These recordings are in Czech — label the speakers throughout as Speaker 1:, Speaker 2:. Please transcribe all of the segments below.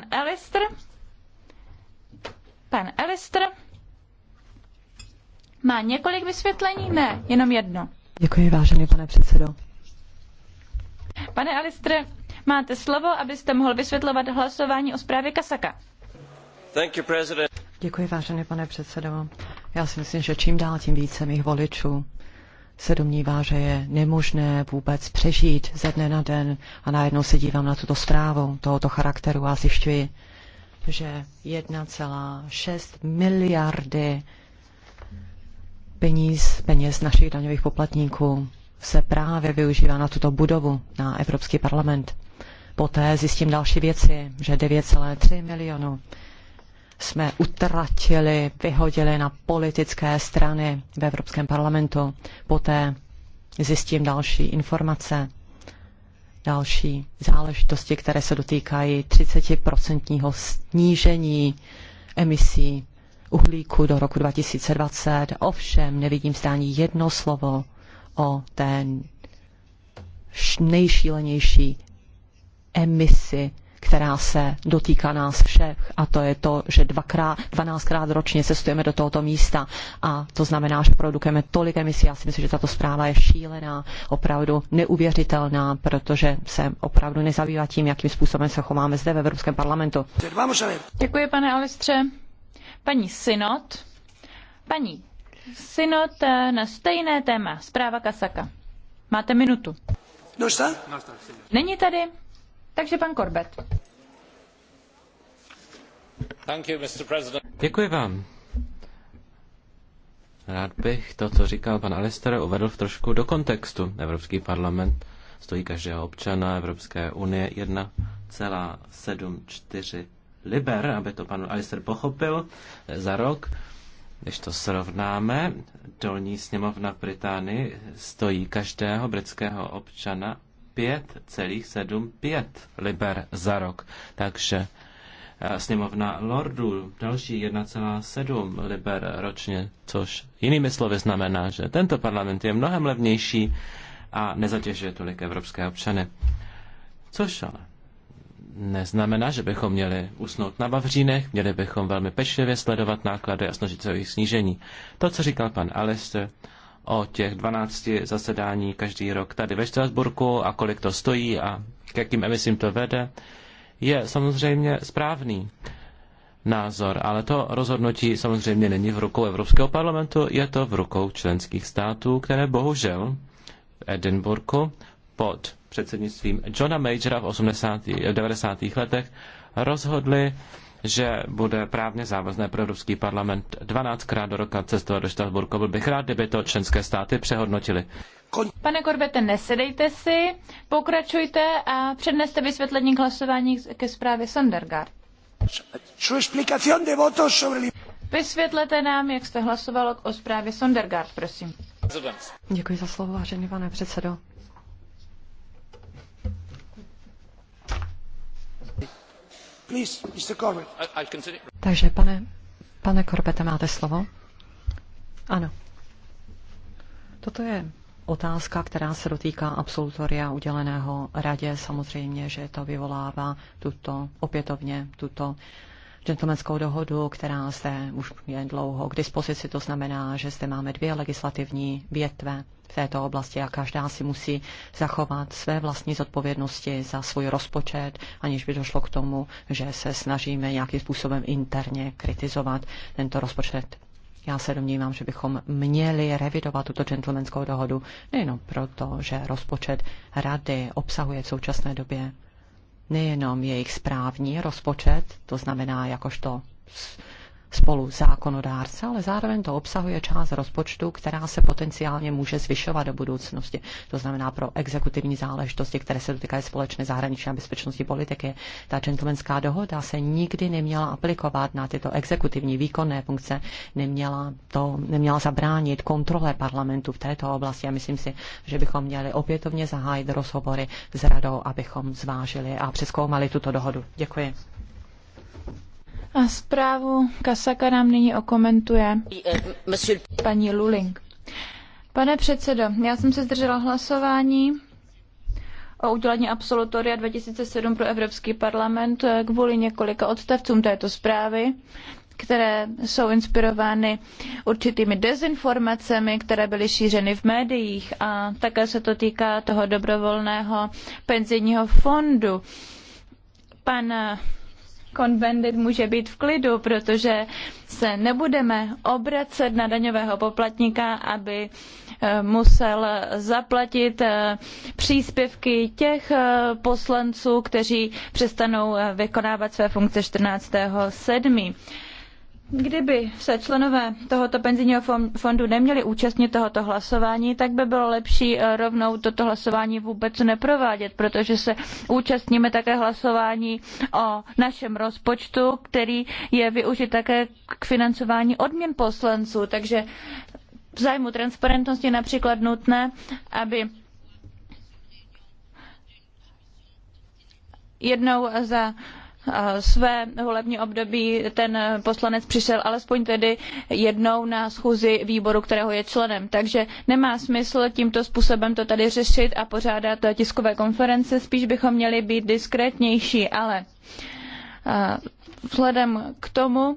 Speaker 1: pan Alister. Pan Alister má několik vysvětlení, ne, jenom jedno.
Speaker 2: Děkuji, vážený pane předsedo.
Speaker 1: Pane Alistre, máte slovo, abyste mohl vysvětlovat hlasování o zprávě Kasaka. Thank you, president.
Speaker 2: Děkuji, vážený pane předsedo. Já si myslím, že čím dál tím více mých voličů se domnívá, že je nemožné vůbec přežít ze dne na den a najednou se dívám na tuto zprávu tohoto charakteru a zjišťuji, že 1,6 miliardy peníz, peněz našich daňových poplatníků se právě využívá na tuto budovu, na Evropský parlament. Poté zjistím další věci, že 9,3 milionů jsme utratili, vyhodili na politické strany v Evropském parlamentu. Poté zjistím další informace, další záležitosti, které se dotýkají 30% snížení emisí uhlíku do roku 2020. Ovšem nevidím zde ani jedno slovo o té nejšílenější emisi která se dotýká nás všech a to je to, že dvakrát, dvanáctkrát ročně cestujeme do tohoto místa a to znamená, že produkujeme tolik emisí. Já si myslím, že tato zpráva je šílená, opravdu neuvěřitelná, protože se opravdu nezabývá tím, jakým způsobem se chováme zde ve Evropském parlamentu.
Speaker 1: Děkuji, pane Alistře. Paní Synot, paní Synot eh, na stejné téma, zpráva Kasaka. Máte minutu. No Není tady? Takže pan
Speaker 3: Děkuji vám. Rád bych to, co říkal pan Alister, uvedl v trošku do kontextu. Evropský parlament stojí každého občana Evropské unie 1,74 liber, aby to pan Alister pochopil, eh, za rok. Když to srovnáme, dolní sněmovna v Británii stojí každého britského občana 5,75 liber za rok. Takže eh, sněmovna lordů další 1,7 liber ročně, což jinými slovy znamená, že tento parlament je mnohem levnější a nezatěžuje tolik evropské občany. Což ale neznamená, že bychom měli usnout na Bavřínech, měli bychom velmi pečlivě sledovat náklady a snažit se o jejich snížení. To, co říkal pan Alistair, o těch 12 zasedání každý rok tady ve Štrasburku a kolik to stojí a k jakým emisím to vede, je samozřejmě správný názor, ale to rozhodnutí samozřejmě není v rukou Evropského parlamentu, je to v rukou členských států, které bohužel v Edinburghu pod předsednictvím Johna Majora v, 80, v 90. letech rozhodli že bude právně závazné pro Ruský parlament 12krát do roka cestovat do Štrasburku. Byl bych rád, kdyby to členské státy přehodnotili.
Speaker 1: Pane Korbete, nesedejte si, pokračujte a předneste vysvětlení k hlasování ke zprávě Sondergaard. Vysvětlete nám, jak jste hlasovalo o zprávě Sondergaard, prosím.
Speaker 2: Děkuji za slovo, vážený pane předsedo. Takže pane, pane Korbete, máte slovo? Ano. Toto je otázka, která se dotýká absolutoria uděleného radě. Samozřejmě, že to vyvolává tuto, opětovně tuto gentlemanskou dohodu, která zde už je dlouho k dispozici. To znamená, že zde máme dvě legislativní větve v této oblasti a každá si musí zachovat své vlastní zodpovědnosti za svůj rozpočet, aniž by došlo k tomu, že se snažíme nějakým způsobem interně kritizovat tento rozpočet. Já se domnívám, že bychom měli revidovat tuto gentlemanskou dohodu nejenom proto, že rozpočet rady obsahuje v současné době nejenom jejich správní rozpočet, to znamená jakožto spolu zákonodárce, ale zároveň to obsahuje část rozpočtu, která se potenciálně může zvyšovat do budoucnosti. To znamená pro exekutivní záležitosti, které se dotýkají společné zahraniční a bezpečnostní politiky. Ta gentlemanská dohoda se nikdy neměla aplikovat na tyto exekutivní výkonné funkce, neměla, to, neměla zabránit kontrole parlamentu v této oblasti a myslím si, že bychom měli opětovně zahájit rozhovory s radou, abychom zvážili a přeskoumali tuto dohodu. Děkuji.
Speaker 1: A zprávu Kasaka nám nyní okomentuje paní Luling. Pane předsedo, já jsem se zdržela hlasování o udělení absolutoria 2007 pro Evropský parlament kvůli několika odstavcům této zprávy, které jsou inspirovány určitými dezinformacemi, které byly šířeny v médiích a také se to týká toho dobrovolného penzijního fondu. Pan konvendit může být v klidu, protože se nebudeme obracet na daňového poplatníka, aby eh, musel zaplatit eh, příspěvky těch eh, poslanců, kteří přestanou vykonávat své funkce 14. 7. Kdyby se členové tohoto penzijního fondu neměli účastnit tohoto hlasování, tak by bylo lepší eh, rovnou toto hlasování vůbec neprovádět, protože se účastníme také hlasování o našem rozpočtu, který je využit také k financování odměn poslanců. Takže v zájmu transparentnosti je například nutné, aby jednou za své volební období ten poslanec přišel alespoň tedy jednou na schůzi výboru, kterého je členem. Takže nemá smysl tímto způsobem to tady řešit a pořádat tiskové konference, spíš bychom měli být diskrétnější, ale vzhledem k tomu,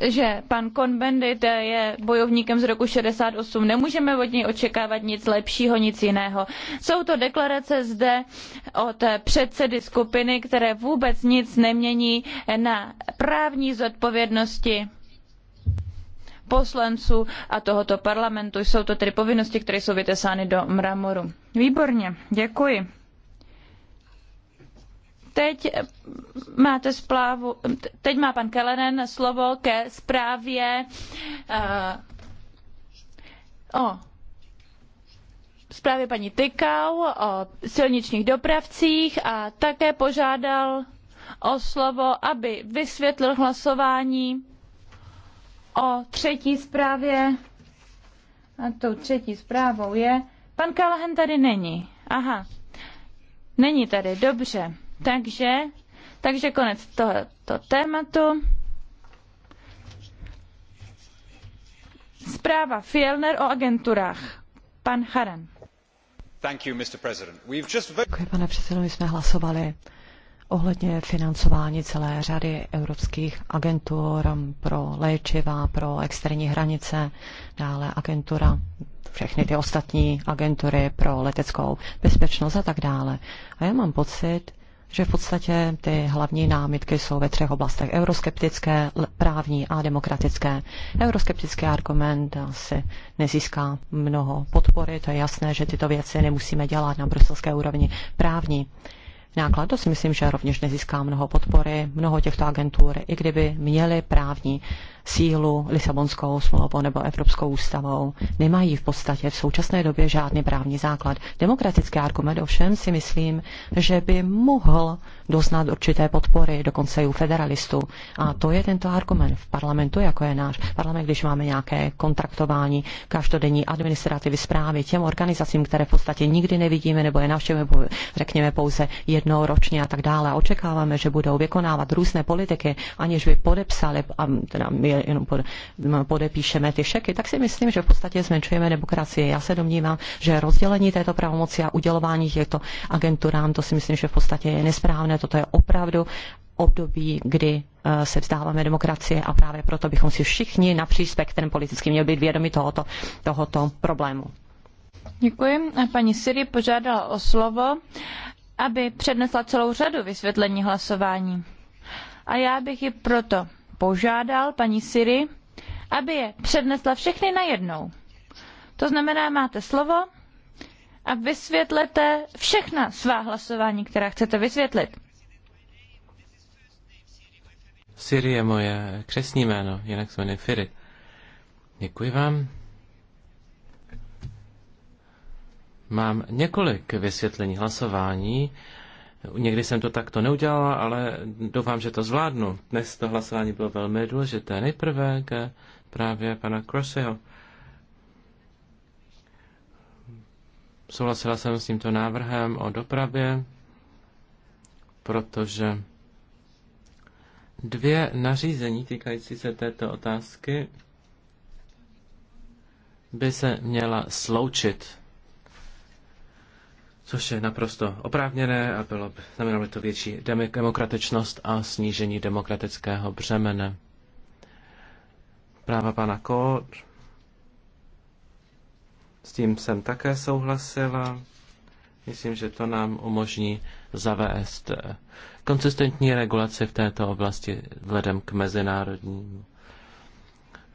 Speaker 1: že pan Cohn-Bendit je bojovníkem z roku 68. Nemůžeme od něj očekávat nic lepšího, nic jiného. Jsou to deklarace zde od předsedy skupiny, které vůbec nic nemění na právní zodpovědnosti poslanců a tohoto parlamentu. Jsou to tedy povinnosti, které jsou vytesány do mramoru. Výborně, děkuji. Teď, máte splávu, teď má pan Kelenen slovo ke zprávě uh, o zprávě paní Tykau o silničních dopravcích a také požádal o slovo, aby vysvětlil hlasování o třetí zprávě. A tou třetí zprávou je... Pan Kalahen tady není. Aha. Není tady, dobře. Takže, takže konec tohoto tématu. Zpráva Fielner o agenturách. Pan Charan. You,
Speaker 2: Děkuji, pane předsedo, my jsme hlasovali ohledně financování celé řady evropských agentur pro léčiva, pro externí hranice, dále agentura, všechny ty ostatní agentury pro leteckou bezpečnost a tak dále. A já mám pocit, že v podstatě ty hlavní námitky jsou ve třech oblastech. Euroskeptické, právní a demokratické. Euroskeptický argument asi nezíská mnoho podpory, to je jasné, že tyto věci nemusíme dělat na bruselské úrovni. Právní náklad, to si myslím, že rovněž nezíská mnoho podpory. Mnoho těchto agentur, i kdyby měly právní sílu Lisabonskou smlouvou nebo Evropskou ústavou, nemají v podstatě v současné době žádný právní základ. Demokratický argument ovšem si myslím, že by mohl doznat určité podpory, dokonce i u federalistů. A to je tento argument v parlamentu, jako je náš parlament, když máme nějaké kontraktování každodenní administrativy zprávy těm organizacím, které v podstatě nikdy nevidíme nebo je navštěvujeme, řekněme, pouze jednou ročně a tak dále. A očekáváme, že budou vykonávat různé politiky, aniž by podepsali, a teda my jenom podepíšeme ty šeky, tak si myslím, že v podstatě zmenšujeme demokracii. Já se domnívám, že rozdělení této pravomoci a udělování těchto agenturám, to si myslím, že v podstatě je nesprávné. Toto je opravdu období, kdy eh, se vzdáváme demokracie a právě proto bychom si všichni napříč spektrem politicky měli být vědomi tohoto, tohoto problému.
Speaker 1: Děkuji. Paní Siri požádala o slovo, aby přednesla celou řadu vysvětlení hlasování. A já bych ji proto požádal paní Siri, aby je přednesla všechny najednou. To znamená, máte slovo a vysvětlete všechna svá hlasování, která chcete vysvětlit.
Speaker 3: Siri je moje křesní jméno, jinak se jmenuje Firi. Děkuji vám. Mám několik vysvětlení hlasování Někdy jsem to takto neudělala, ale doufám, že to zvládnu. Dnes to hlasování bylo velmi důležité. Nejprve ke právě pana Crossyho. Souhlasila jsem s tímto návrhem o dopravě, protože dvě nařízení týkající se této otázky by se měla sloučit což je naprosto oprávněné a bylo, by znamenalo by to větší demokratičnost a snížení demokratického břemene. Práva pana Kód, s tím jsem také souhlasila. Myslím, že to nám umožní zavést eh, konsistentní regulaci v této oblasti vzhledem k mezinárodnímu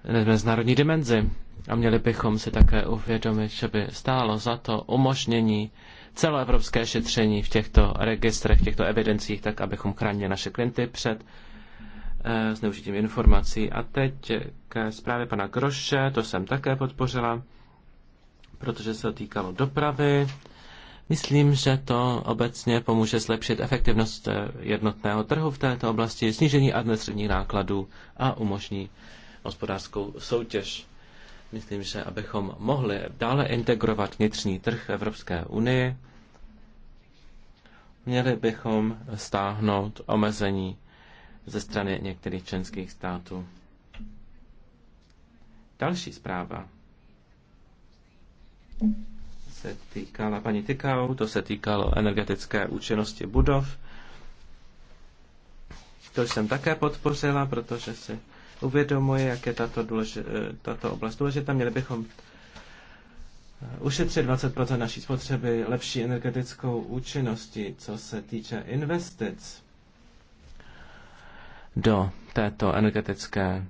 Speaker 3: eh, mezinárodní dimenzi. A měli bychom si také uvědomit, že by stálo za to umožnění celoevropské šetření v těchto registrech, v těchto evidencích, tak abychom chránili naše klienty před eh, zneužitím informací. A teď ke zprávě pana Groše, to jsem také podpořila, protože se týkalo dopravy. Myslím, že to obecně pomůže zlepšit efektivnost eh, jednotného trhu v této oblasti, snížení administrativních nákladů a umožní hospodářskou soutěž. Myslím, že abychom mohli dále integrovat vnitřní trh v Evropské unii, měli bychom stáhnout omezení ze strany některých členských států. Další zpráva se týkala paní Tykau, to se týkalo energetické účinnosti budov. To jsem také podpořila, protože si uvědomuje, jak je tato, důleži, eh, tato oblast důležitá. Měli bychom eh, ušetřit 20 naší spotřeby lepší energetickou účinností, co se týče investic do této energetické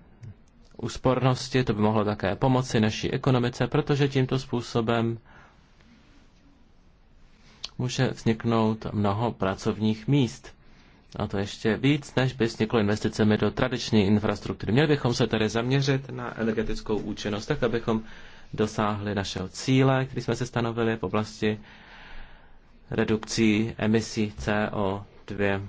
Speaker 3: úspornosti. To by mohlo také pomoci naší ekonomice, protože tímto způsobem může vzniknout mnoho pracovních míst. A to ještě víc, než by vzniklo investicemi do tradiční infrastruktury. Měli bychom se tedy zaměřit na energetickou účinnost, tak abychom dosáhli našeho cíle, který jsme se stanovili v oblasti redukcí emisí CO2.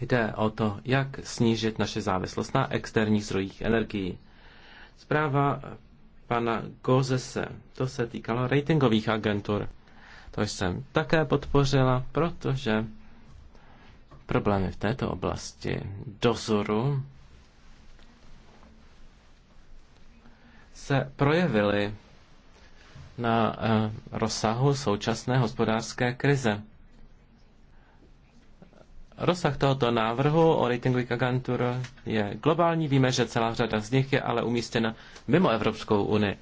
Speaker 3: Jde o to, jak snížit naše závislost na externích zdrojích energií. Zpráva pana Gozese, to se týkalo ratingových agentur. To jsem také podpořila, protože problémy v této oblasti dozoru se projevily na eh, rozsahu současné hospodářské krize. Rozsah tohoto návrhu o ratingových agentur je globální. Víme, že celá řada z nich je ale umístěna mimo Evropskou unii.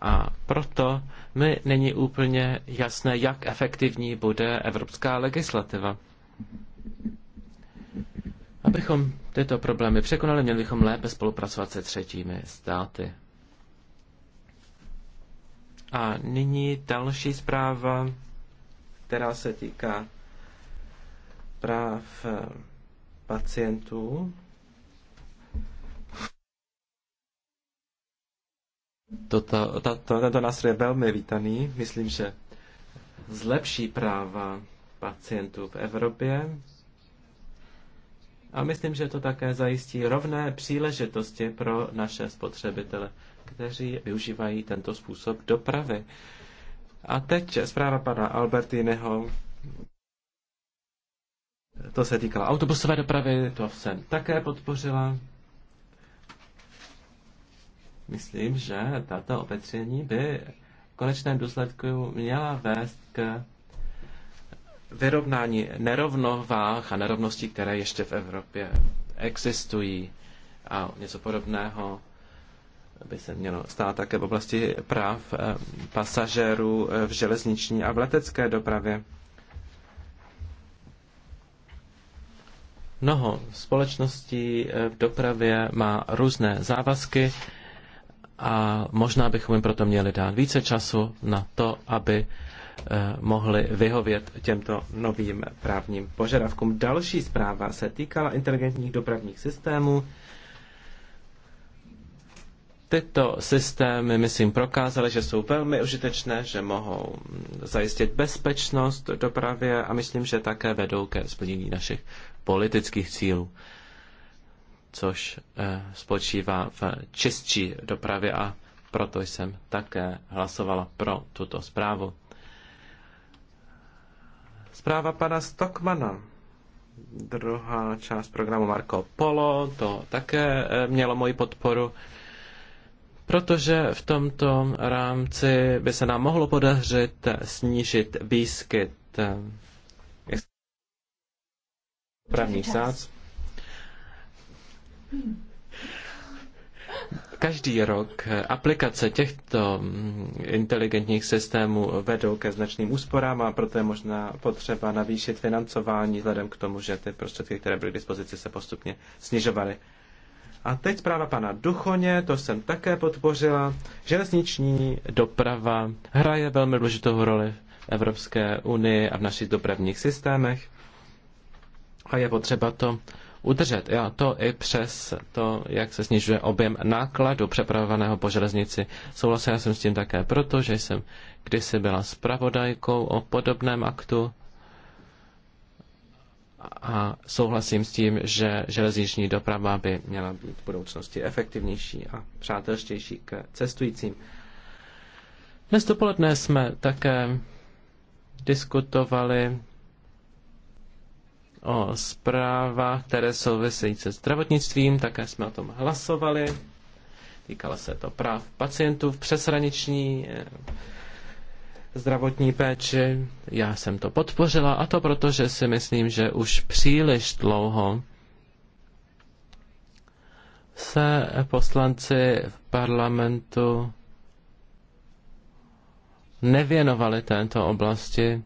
Speaker 3: A proto mi není úplně jasné, jak efektivní bude evropská legislativa. Abychom tyto problémy překonali, měli bychom lépe spolupracovat se třetími státy. A nyní další zpráva, která se týká práv eh, pacientů. Toto, to tento nástroj je velmi vítaný. Myslím, že zlepší práva pacientů v Evropě. A myslím, že to také zajistí rovné příležitosti pro naše spotřebitele, kteří využívají tento způsob dopravy. A teď zpráva pana Albertineho. To se týkalo autobusové dopravy, to jsem také podpořila. Myslím, že tato opatření by v konečném důsledku měla vést k vyrovnání nerovnovách a nerovností, které ještě v Evropě existují a něco podobného by se mělo stát také v oblasti práv eh, pasažérů eh, v železniční a v letecké dopravě. Mnoho společností eh, v dopravě má různé závazky a možná bychom jim proto měli dát více času na to, aby Eh, mohli vyhovět těmto novým právním požadavkům. Další zpráva se týkala inteligentních dopravních systémů. Tyto systémy, myslím, prokázaly, že jsou velmi užitečné, že mohou zajistit bezpečnost dopravě a myslím, že také vedou ke splnění našich politických cílů, což eh, spočívá v čistší dopravě a proto jsem také hlasovala pro tuto zprávu. Zpráva pana Stockmana. Druhá část programu Marco Polo, to také eh, mělo moji podporu, protože v tomto rámci by se nám mohlo podařit eh, snížit výskyt
Speaker 1: dopravních eh, sác
Speaker 3: každý rok aplikace těchto mm, inteligentních systémů vedou ke značným úsporám a proto je možná potřeba navýšit financování vzhledem k tomu, že ty prostředky, které byly k dispozici, se postupně snižovaly. A teď zpráva pana Duchoně, to jsem také podpořila. Železniční doprava hraje velmi důležitou roli v Evropské unii a v našich dopravních systémech a je potřeba to udržet. Já to i přes to, jak se snižuje objem nákladu přepravovaného po železnici. Souhlasila jsem s tím také proto, že jsem kdysi byla spravodajkou o podobném aktu a souhlasím s tím, že železniční doprava by měla být v budoucnosti efektivnější a přátelštější k cestujícím. Dnes dopoledne jsme také diskutovali o zprávách, které souvisejí se zdravotnictvím, také jsme o tom hlasovali. Týkalo se to práv pacientů v přeshraniční eh, zdravotní péči. Já jsem to podpořila a to proto, že si myslím, že už příliš dlouho se poslanci v parlamentu nevěnovali této oblasti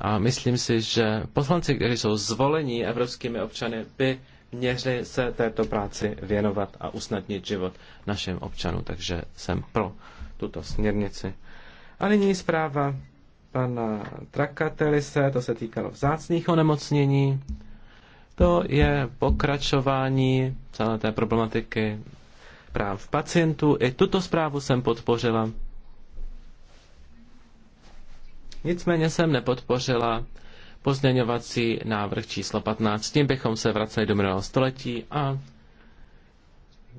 Speaker 3: a myslím si, že poslanci, kteří jsou zvoleni evropskými občany, by měli se této práci věnovat a usnadnit život našim občanům. Takže jsem pro tuto směrnici. A nyní zpráva pana Trakatelise, to se týkalo vzácných onemocnění. To je pokračování celé té problematiky práv pacientů. I tuto zprávu jsem podpořila. Nicméně jsem nepodpořila pozměňovací návrh číslo 15. S tím bychom se vraceli do minulého století a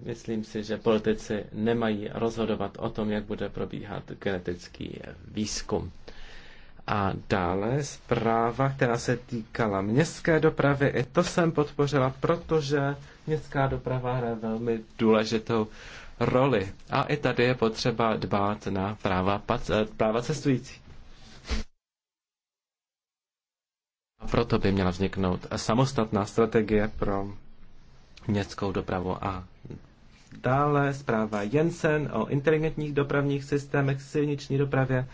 Speaker 3: myslím si, že politici nemají rozhodovat o tom, jak bude probíhat genetický výzkum. A dále zpráva, která se týkala městské dopravy. I to jsem podpořila, protože městská doprava hraje velmi důležitou roli. A i tady je potřeba dbát na práva, práva cestujících. proto by měla vzniknout samostatná strategie pro městskou dopravu a dále zpráva Jensen o inteligentních dopravních systémech silniční dopravě.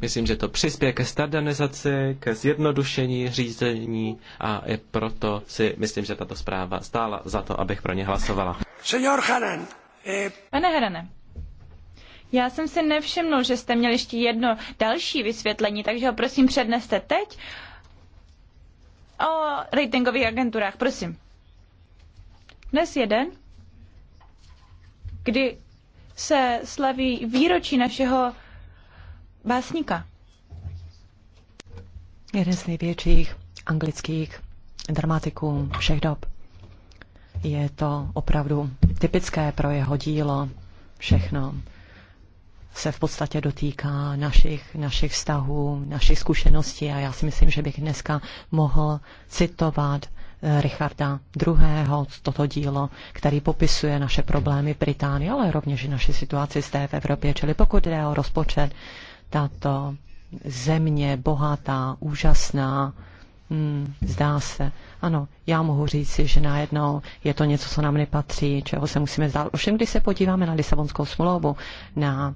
Speaker 3: Myslím, že to přispěje ke standardizaci, ke zjednodušení řízení a i proto si myslím, že tato zpráva stála za to, abych pro ně hlasovala.
Speaker 4: Senior Hanen.
Speaker 3: Eh,
Speaker 1: Pane Herane, já jsem si nevšiml, že jste měl ještě jedno další vysvětlení, takže ho prosím předneste teď o ratingových agenturách, prosím. Dnes je den, kdy se slaví výročí našeho básníka.
Speaker 2: Jeden z největších anglických dramatiků všech dob. Je to opravdu typické pro jeho dílo. Všechno se v podstatě dotýká našich, našich vztahů, našich zkušeností a já si myslím, že bych dneska mohl citovat eh, Richarda II. toto dílo, který popisuje naše problémy v Británii, ale rovněž i naši situaci zde v Evropě. Čili pokud jde o rozpočet, tato země bohatá, úžasná, Hmm, zdá se. Ano, já mohu říct že najednou je to něco, co nám nepatří, čeho se musíme zdát. Ovšem, když se podíváme na Lisabonskou smlouvu, na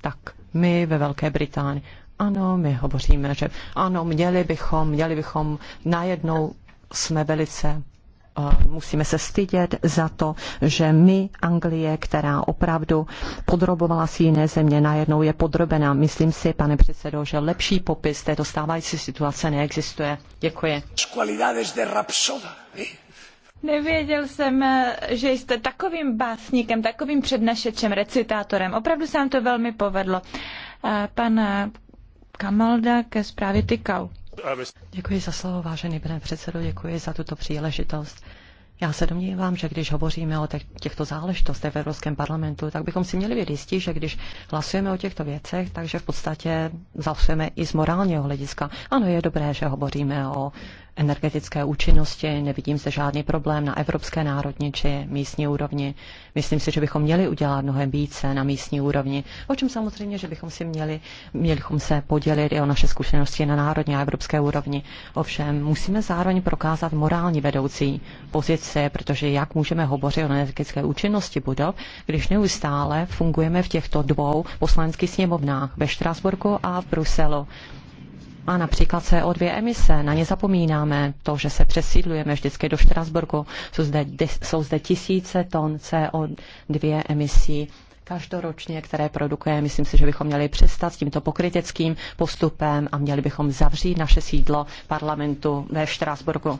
Speaker 2: tak my ve Velké Británii, ano, my hovoříme, že ano, měli bychom, měli bychom, najednou jsme velice musíme se stydět za to, že my, Anglie, která opravdu podrobovala si jiné země, najednou je podrobená. Myslím si, pane předsedo, že lepší popis této stávající situace neexistuje. Děkuji.
Speaker 4: ¿eh?
Speaker 1: Nevěděl jsem, eh, že jste takovým básníkem, takovým přednašečem, recitátorem. Opravdu se vám to velmi povedlo. Eh, pan Kamalda ke zprávě Tykau.
Speaker 2: Děkuji za slovo, vážený pane předsedo, děkuji za tuto příležitost. Já se domnívám, že když hovoříme o těchto záležitostech v Evropském parlamentu, tak bychom si měli být jistí, že když hlasujeme o těchto věcech, takže v podstatě hlasujeme i z morálního hlediska. Ano, je dobré, že hovoříme o energetické účinnosti. Nevidím zde žádný problém na evropské národní či místní úrovni. Myslím si, že bychom měli udělat mnohem více na místní úrovni, o čem samozřejmě, že bychom si měli, měli bychom se podělit i o naše zkušenosti na národní a evropské úrovni. Ovšem musíme zároveň prokázat morální vedoucí pozice, protože jak můžeme hovořit o energetické účinnosti budov, když neustále fungujeme v těchto dvou poslaneckých sněmovnách ve Štrasburku a v Bruselu a například CO2 emise, na ně zapomínáme, to, že se přesídlujeme vždycky do Štrasburku, jsou zde, jsou zde tisíce ton CO2 emisí každoročně, které produkuje. Myslím si, že bychom měli přestat s tímto pokryteckým postupem a měli bychom zavřít naše sídlo parlamentu ve Štrásburgu.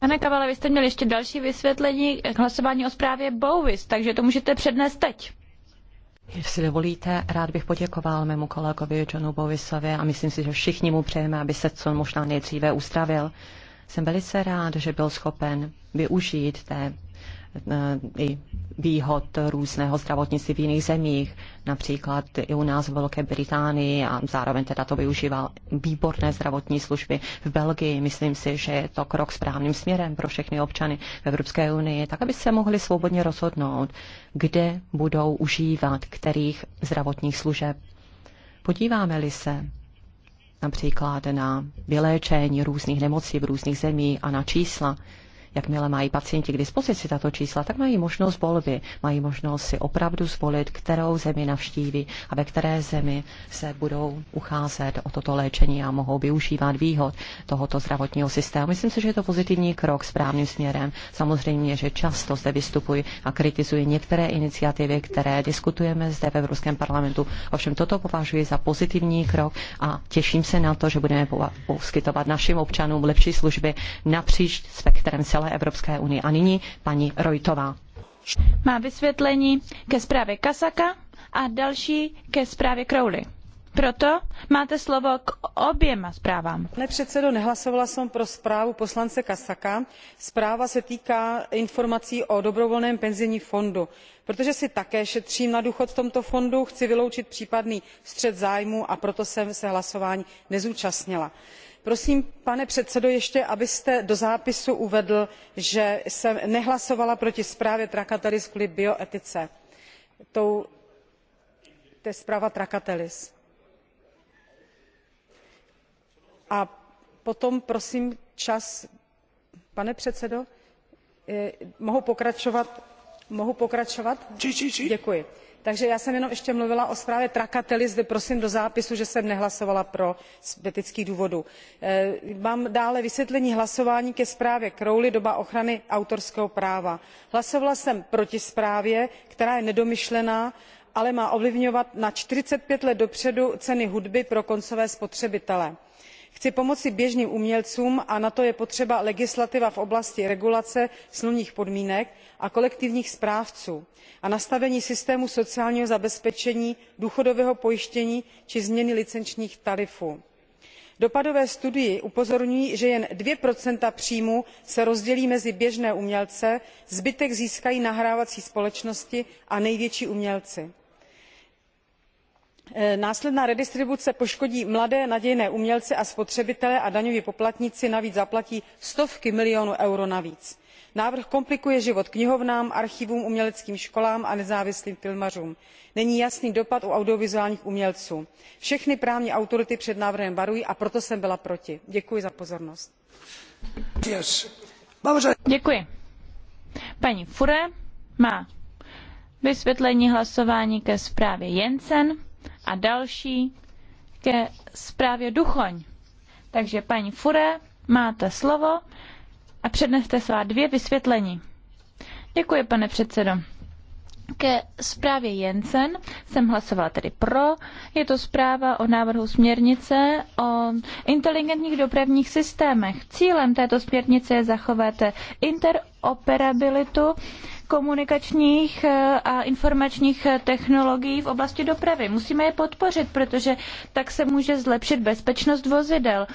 Speaker 1: Pane Kavale, vy jste měli ještě další vysvětlení k hlasování o zprávě Bovis, takže to můžete přednést teď.
Speaker 2: Jestli dovolíte, rád bych poděkoval mému kolegovi Johnu Bovisovi a myslím si, že všichni mu přejeme, aby se co možná nejdříve uzdravil. Jsem velice rád, že byl schopen využít té Eh, i výhod různého zdravotnictví v jiných zemích, například i u nás v Velké Británii a zároveň teda to využívá výborné zdravotní služby v Belgii. Myslím si, že je to krok správným směrem pro všechny občany v Evropské unii, tak aby se mohli svobodně rozhodnout, kde budou užívat kterých zdravotních služeb. Podíváme-li se například na vyléčení různých nemocí v různých zemích a na čísla, Jakmile mají pacienti k dispozici tato čísla, tak mají možnost volby. Mají možnost si opravdu zvolit, kterou zemi navštíví a ve které zemi se budou ucházet o toto léčení a mohou využívat výhod tohoto zdravotního systému. Myslím si, že je to pozitivní krok správným směrem. Samozřejmě, že často zde vystupuji a kritizuji některé iniciativy, které diskutujeme zde ve Evropském parlamentu. Ovšem toto považuji za pozitivní krok a těším se na to, že budeme poskytovat našim občanům lepší služby napříč spektrem celé celé Evropské unii. A nyní paní Rojtová.
Speaker 1: Má vysvětlení ke zprávě Kasaka a další ke zprávě Crowley.
Speaker 4: Proto máte slovo k oběma zprávám. Pane předsedo, nehlasovala jsem pro zprávu poslance Kasaka. Zpráva se týká informací o dobrovolném penzijním fondu. Protože si také šetřím na důchod v tomto fondu, chci vyloučit případný střet zájmů a proto jsem se hlasování nezúčastnila prosím pane předsedo ještě abyste do zápisu uvedl že jsem nehlasovala proti zprávě trakatellis kvůli bioetice to je zpráva trakatellis. a potom prosím čas pane předsedo eh, mohu pokračovat? mohu pokračovat? děkuji. takže já jsem jenom ještě mluvila o zprávě trakatellis kde prosím do zápisu že jsem nehlasovala pro z etických důvodů. Eh, mám dále vysvětlení hlasování ke zprávě crowleyové doba ochrany autorského práva. hlasovala jsem proti zprávě která je nedomyšlená ale má ovlivňovat na forty five let dopředu ceny hudby pro koncové spotřebitele chci pomoci běžným umělcům a na to je potřeba legislativa v oblasti regulace smluvních podmínek a kolektivních správců a nastavení systému sociálního zabezpečení důchodového pojištění či změny licenčních tarifů. dopadové studie upozorňují že jen two příjmů se rozdělí mezi běžné umělce zbytek získají nahrávací společnosti a největší umělci. Eh, následná redistribuce poškodí mladé nadějné umělce a spotřebitele a daňoví poplatníci navíc zaplatí stovky milionů eur navíc. návrh komplikuje život knihovnám archivům uměleckým školám a nezávislým filmařům. není jasný dopad u audiovizuálních umělců. všechny právní autority před návrhem varují a proto jsem byla proti. děkuji za pozornost. Děkuji. paní
Speaker 1: má vysvětlení hlasování ke zprávě a další ke zprávě Duchoň. Takže paní Fure, máte slovo a předneste svá dvě vysvětlení. Děkuji, pane předsedo. Ke zprávě Jensen jsem hlasovala tedy pro. Je to zpráva o návrhu směrnice o inteligentních dopravních systémech. Cílem této směrnice je zachovat interoperabilitu komunikačních eh, a informačních eh, technologií v oblasti dopravy. Musíme je podpořit, protože tak se může zlepšit bezpečnost vozidel.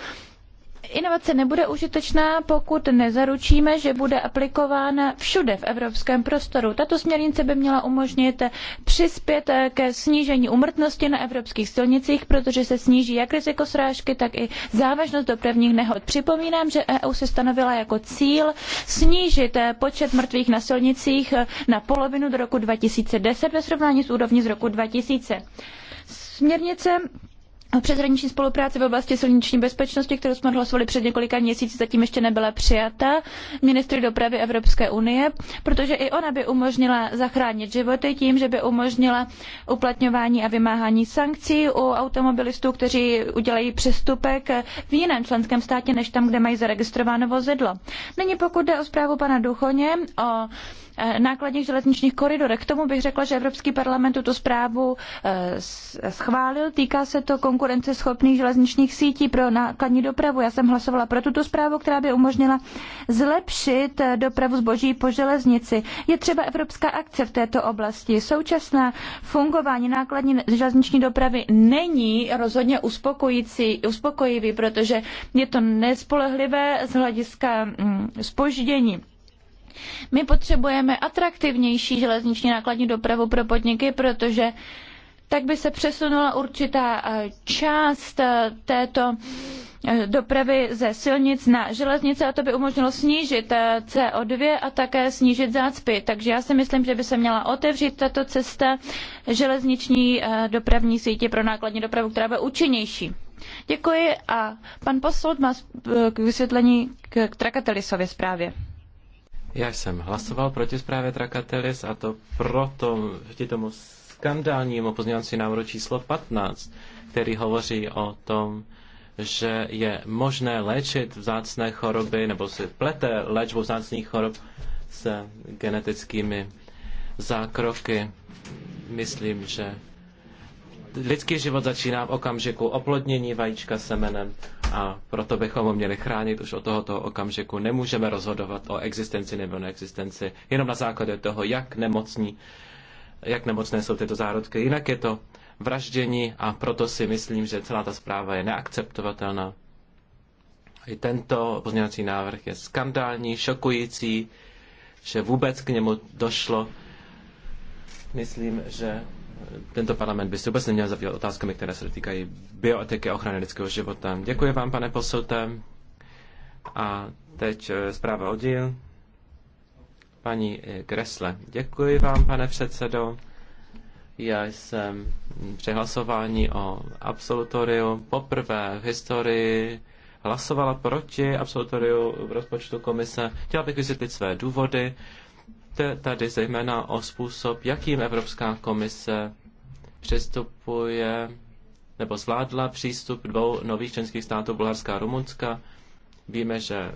Speaker 1: Inovace nebude užitečná, pokud nezaručíme, že bude aplikována všude v evropském prostoru. Tato směrnice by měla umožnit přispět ke snížení umrtnosti na evropských silnicích, protože se sníží jak riziko srážky, tak i závažnost dopravních nehod. Připomínám, že EU se stanovila jako cíl snížit počet mrtvých na silnicích na polovinu do roku 2010 ve srovnání s úrovní z roku 2000. Směrnice přeshraniční spolupráci v oblasti silniční bezpečnosti, kterou jsme hlasovali před několika měsíci, zatím ještě nebyla přijata ministry dopravy Evropské unie, protože i ona by umožnila zachránit životy tím, že by umožnila uplatňování a vymáhání sankcí u automobilistů, kteří udělají přestupek v jiném členském státě, než tam, kde mají zaregistrováno vozidlo. Nyní pokud jde o zprávu pana Duchoně o Eh, nákladních železničních koridorech. K tomu bych řekla, že Evropský parlament tuto zprávu eh, schválil. Týká se to konkurenceschopných železničních sítí pro nákladní dopravu. Já jsem hlasovala pro tuto zprávu, která by umožnila zlepšit eh, dopravu zboží po železnici. Je třeba evropská akce v této oblasti. Současné fungování nákladní železniční dopravy není rozhodně uspokojící, uspokojivý, protože je to nespolehlivé z hlediska spoždění. Mm, my potřebujeme atraktivnější železniční nákladní dopravu pro podniky, protože tak by se přesunula určitá eh, část eh, této eh, dopravy ze silnic na železnice a to by umožnilo snížit CO2 a také snížit zácpy. Takže já si myslím, že by se měla otevřít tato cesta železniční dopravní sítě pro nákladní dopravu, která by účinnější. Děkuji a pan posol má k vysvětlení k Trakatelisovi zprávě.
Speaker 3: Já jsem hlasoval proti zprávě Trakatelis a to proto proti tomu skandálnímu pozměňovacímu návrhu číslo 15, který hovoří o tom, že je možné léčit vzácné choroby nebo si plete léčbu vzácných chorob se genetickými zákroky. Myslím, že lidský život začíná v okamžiku oplodnění vajíčka semenem a proto bychom ho měli chránit už od tohoto okamžiku. Nemůžeme rozhodovat o existenci nebo neexistenci jenom na základě toho, jak nemocní, jak nemocné jsou tyto zárodky. Jinak je to vraždění a proto si myslím, že celá ta zpráva je neakceptovatelná. I tento pozměňovací návrh je skandální, šokující, že vůbec k němu došlo. Myslím, že tento parlament by se vůbec neměl zabývat otázkami, které se dotýkají bioetiky a ochrany lidského života. Děkuji vám, pane posilte. A teď eh, zpráva oddíl. Paní eh, Gresle, děkuji vám, pane předsedo. Já jsem při hlasování o absolutoriu poprvé v historii hlasovala proti absolutoriu v rozpočtu komise. Chtěla bych vysvětlit své důvody. tady zejména o způsob, jakým Evropská komise přistupuje nebo zvládla přístup dvou nových členských států, Bulharska a Rumunska. Víme, že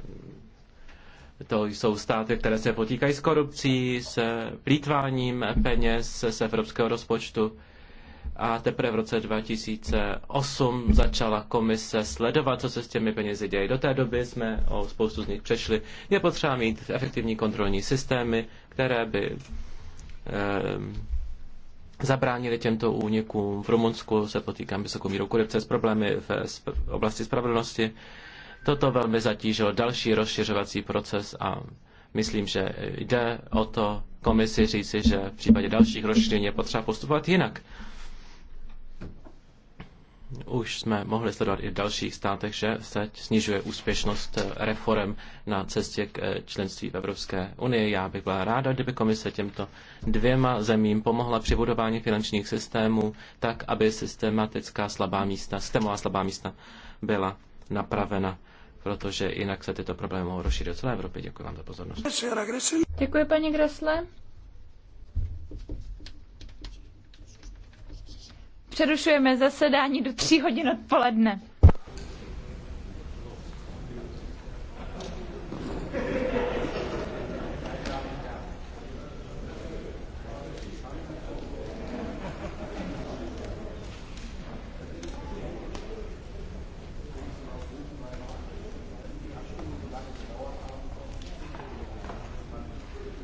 Speaker 3: to jsou státy, které se potýkají s korupcí, s plítváním peněz z evropského rozpočtu. A teprve v roce 2008 začala komise sledovat, co se s těmi penězi děje. Do té doby jsme o spoustu z nich přešli. Je potřeba mít efektivní kontrolní systémy, které by eh, zabránili těmto únikům. V Rumunsku se potýkám vysokou míru korupce s problémy v oblasti spravedlnosti. Toto velmi zatížilo další rozšiřovací proces a myslím, že jde o to komisi říci, že v případě dalších rozšíření je potřeba postupovat jinak už jsme mohli sledovat i v dalších státech, že se snižuje úspěšnost reform na cestě k eh, členství v Evropské unii. Já bych byla ráda, kdyby komise těmto dvěma zemím pomohla při budování finančních systémů, tak aby systematická slabá místa, systémová slabá místa byla napravena protože jinak se tyto problémy mohou rozšířit do celé Evropy. Děkuji vám za pozornost.
Speaker 1: Děkuji, paní Gresle. Přerušujeme zasedání do tří hodin odpoledne.